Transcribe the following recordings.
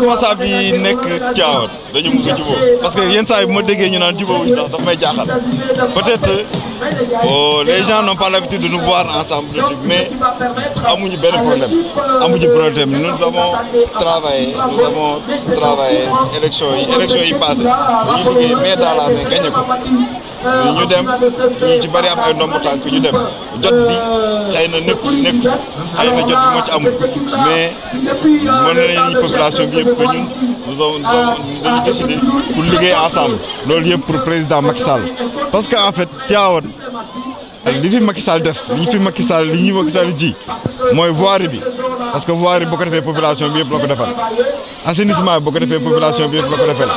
responsable yi nekk Tivaouane dañu mos a parce que yenn saa yi ma déggee ñu naan jubóowuñ sax daf may jaaxal peut-être euh, les gens n'ont pas l'habitude de nous voir ensemble de truc amuñu benn problème amuñu problème nous avons travaillé nous avons travaillé élection yi élection yi passé dañuy liggéey mais daal la mais ñu dem ñu ci bari am ay ndomb tànk ñu dem jot bi xëy na nekku nekku jot bi moo ci amul mais mën nañu population bi yëpp que ñun nous avons nous dañu décidé liggéey ensemble. loolu yëpp pour président Macky Sall parce que en fait Tivaouane ak li fi Macky Sall def li ñu fi Macky Sall li ñuy Macky Sall ji mooy voirie bi parce que voirie boo ko defee population bi yëpp la ko defal assainissement boo ko defee population bi yëpp la ko defal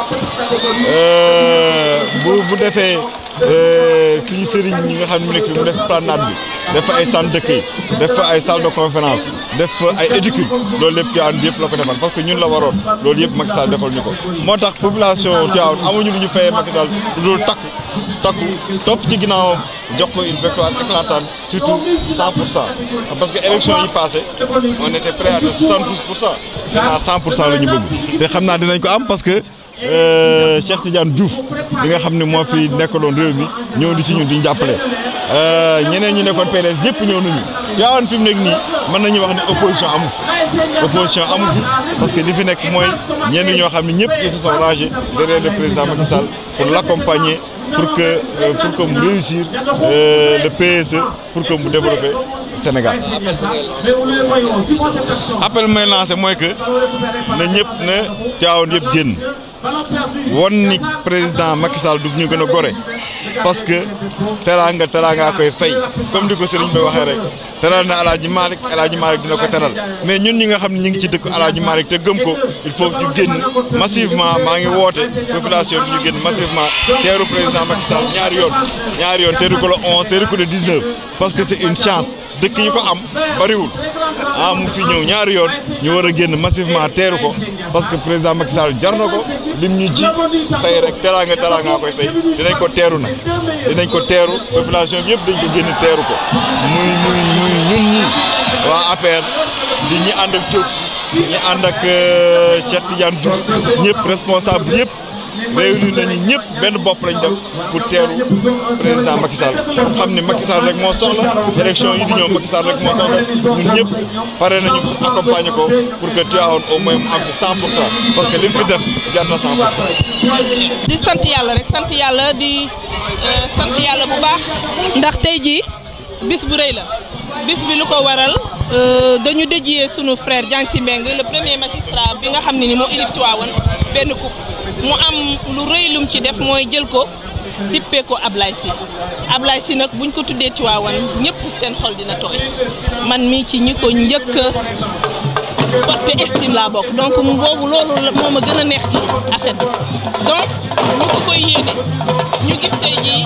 euh, bu bu defee. Euh, suñu sëriñ ñi nga xam ne mu nekk fi mu def promenade bi def fa ay centre de cueil def ay salle def fa ay études loolu lépp Tivaouane bi la ko defal parce que ñun la waroon loolu yëpp Macky Sall defal ñu ko moo tax population Tivaouane amuñu lu ñu fayee Macky Sall lu takku topp ci ginnaawam jox ko une victoire éclatante surtout 100 pour parce que élection yi passé on était prêt à de 72 pour cent xanaa 100 pour cent la bëgg te xam naa dinañ ko am parce que euh, Cheikh Tidiane Diouf bi nga xam ni moo fi nekkaloon réew mi ñëw di ci ñun di jàppale euh, ñeneen ñi PDS ñëpp ñëw nañu Tivaouane fi mu nekk nii mën nañu wax ne opposition amu fi opposition amu fi parce que li fi nekk mooy ñenn ñoo xam ne ñëpp ils se sont rangés derrière le président Macky pour l'accompagner pour que euh, pour que mu réussir euh, le PSE pour que mu développer Sénégal appel may lancé mooy que na ñëpp na Tivaouane yëpp génn won ni président Macky Sall du ñu gën a gore parce que teraanga teraanga koy fay comme di ko sëriñ bi waxee rek teral na alaaji Malick alaaji Malick dina ko teral mais ñun ñi nga xam ne ñu ngi ci dëkk alaaji Malick te gëm ko il faut ñu génn massivement maa ngi woote population bi ñu génn massivement teeru président Macky Sall ñaari yoon ñaari yoon teeru ko le 11 teeru ko le 19 parce que c'est une chance dëkk yi ko am bariwul ah mu fi ñëw ñaari yoon ñu war a génn massivement teeru ko parce que président Macky Sall jar na ko lim ñu ji fay rek teraanga teraanga koy fay dinañ ko teeru nag dinañ ko teeru population bi dañ ko génn teeru ko muy muy muy ñun ñi waa APR di ñi ànd ak Diop ñi ànd ak euh, Cheikh Tidiane Diouf ñëpp responsable yëpp. réunir nañu ñëpp benn bopp lañ def pour teeru président Macky Sall xam ni Macky Sall rek moo soxla élection yi di ñëw Macky rek moo soxla ñun ñëpp pare nañu pour accompagner ko pour que Tivaouane au mu am fi 100 pour parce que li mu fi def jar na 100 pour di sant yàlla rek sant yàlla di euh, sant yàlla bu baax ndax tey jii bis bu rëy la bis bi lu ko waral. Euh, dañu déjiyee sunu frère Dieng si Mbengue le premier magistrat bi nga xam ne ni moo ilif Tiwaawan benn coupe mu am lu rëy lum ci def mooy jël ko dippee ko Ablaye Sy Ablaye Sy nag buñ ko tuddee Tiwaawan ñëpp seen xol dina tooy man mii ci ñi ko njëkk porte estime laa bokk donc mu boobu loolu moo ma gën a neex ci affaire donc ñu ko koy yéene ñu gis tey jii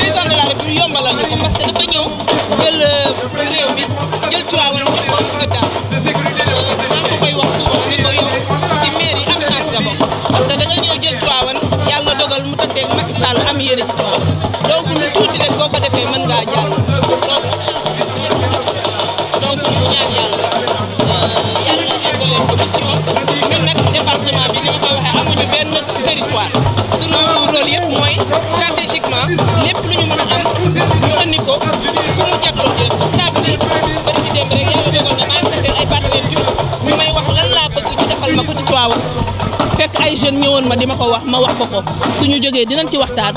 ngeen ñëwoon ma di ma ko wax ma wax ko ko suñu jógee dinañ ci waxtaan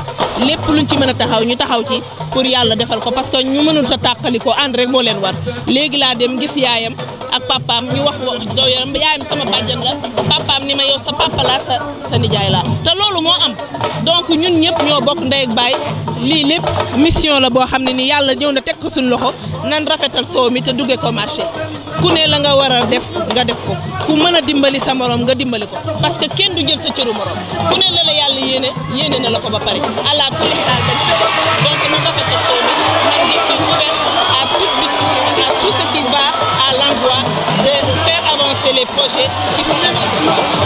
lépp luñ ci mën a taxaw ñu taxaw ci pour yàlla defal ko parce que ñu mënul sa tàqali ko ànd rek moo leen war léegi laa dem gis yaayam ak papaam ñu wax wax doo yaram yaayam sama bàjjan la papaam ni may yow sa papa sa sa nijaay laa te loolu moo am donc ñun ñëpp ñoo bokk ndey ak baay lii lépp mission la boo xam ne ni yàlla ñëw na teg ko suñu loxo nan rafetal soow mi te duggee ko marché ku ne la nga war a def nga def ko ku mën a dimbali sa morom nga dimbali ko parce que kenn du jël sa cëru morom ku ne la la yàlla yéene yéene na la ko ba pare allah kulli aal dañ ci ko donc na nga fa teg soo mi man je suis ouvert à toute discussion à à l'endroit de faire avancer les projets qui sont avancés.